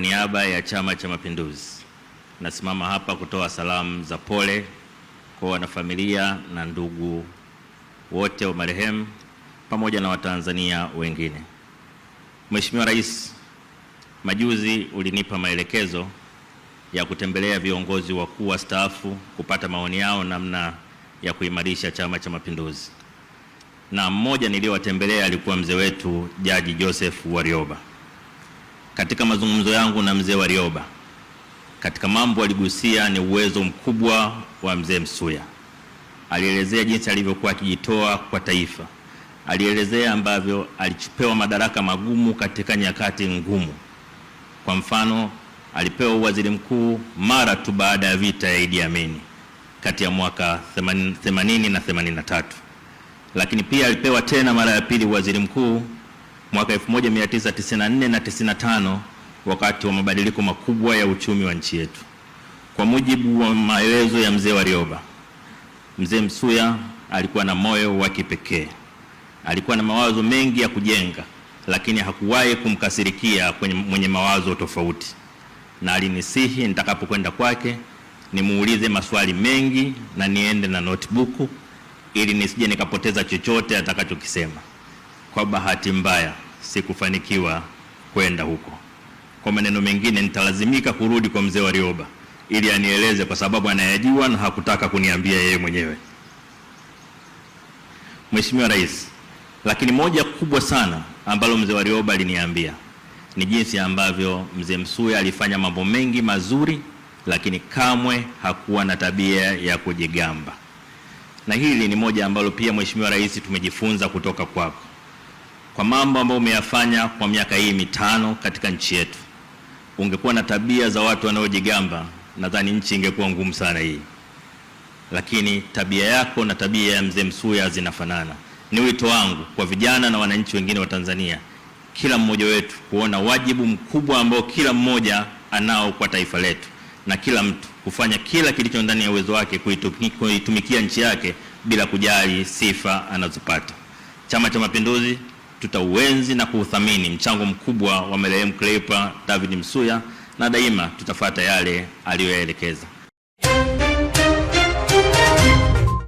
niaba ya Chama cha Mapinduzi nasimama hapa kutoa salamu za pole kwa wanafamilia na ndugu wote wa marehemu pamoja na Watanzania wengine. Mheshimiwa Rais, majuzi ulinipa maelekezo ya kutembelea viongozi wakuu wastaafu kupata maoni yao namna ya kuimarisha Chama cha Mapinduzi, na mmoja niliyowatembelea alikuwa mzee wetu Jaji Joseph Warioba katika mazungumzo yangu na mzee Warioba, katika mambo aligusia ni uwezo mkubwa wa mzee Msuya. Alielezea jinsi alivyokuwa akijitoa kwa taifa, alielezea ambavyo alipewa madaraka magumu katika nyakati ngumu. Kwa mfano, alipewa uwaziri mkuu mara tu baada ya vita ya Idi Amin kati ya mwaka 80 na 83, lakini pia alipewa tena mara ya pili waziri mkuu mwaka 1994 na 95 wakati wa mabadiliko makubwa ya uchumi wa nchi yetu. Kwa mujibu wa maelezo ya mzee Warioba, mzee Msuya alikuwa na moyo wa kipekee, alikuwa na mawazo mengi ya kujenga, lakini hakuwahi kumkasirikia kwenye mwenye mawazo tofauti, na alinisihi nitakapokwenda kwake nimuulize maswali mengi na niende na notebook ili nisije nikapoteza chochote atakachokisema. Kwa bahati mbaya sikufanikiwa kwenda huko. Kwa maneno mengine, nitalazimika kurudi kwa mzee Warioba ili anieleze, kwa sababu anayajua na hakutaka kuniambia yeye mwenyewe. Mheshimiwa Rais, lakini moja kubwa sana ambalo mzee Warioba aliniambia ni jinsi ambavyo mzee Msuya alifanya mambo mengi mazuri, lakini kamwe hakuwa na tabia ya kujigamba, na hili ni moja ambalo pia Mheshimiwa Rais tumejifunza kutoka kwako kwa mambo ambayo umeyafanya kwa miaka hii mitano katika nchi yetu. Ungekuwa na tabia za watu wanaojigamba, nadhani nchi ingekuwa ngumu sana hii, lakini tabia yako na tabia ya mzee Msuya zinafanana. Ni wito wangu kwa vijana na wananchi wengine wa Tanzania, kila mmoja wetu kuona wajibu mkubwa ambao kila mmoja anao kwa taifa letu, na kila mtu kufanya kila kilicho ndani ya uwezo wake kuitumikia nchi yake bila kujali sifa anazopata. Chama cha Mapinduzi tutauenzi na kuuthamini mchango mkubwa wa marehemu Cleopa David Msuya na daima tutafuata yale aliyoyaelekeza.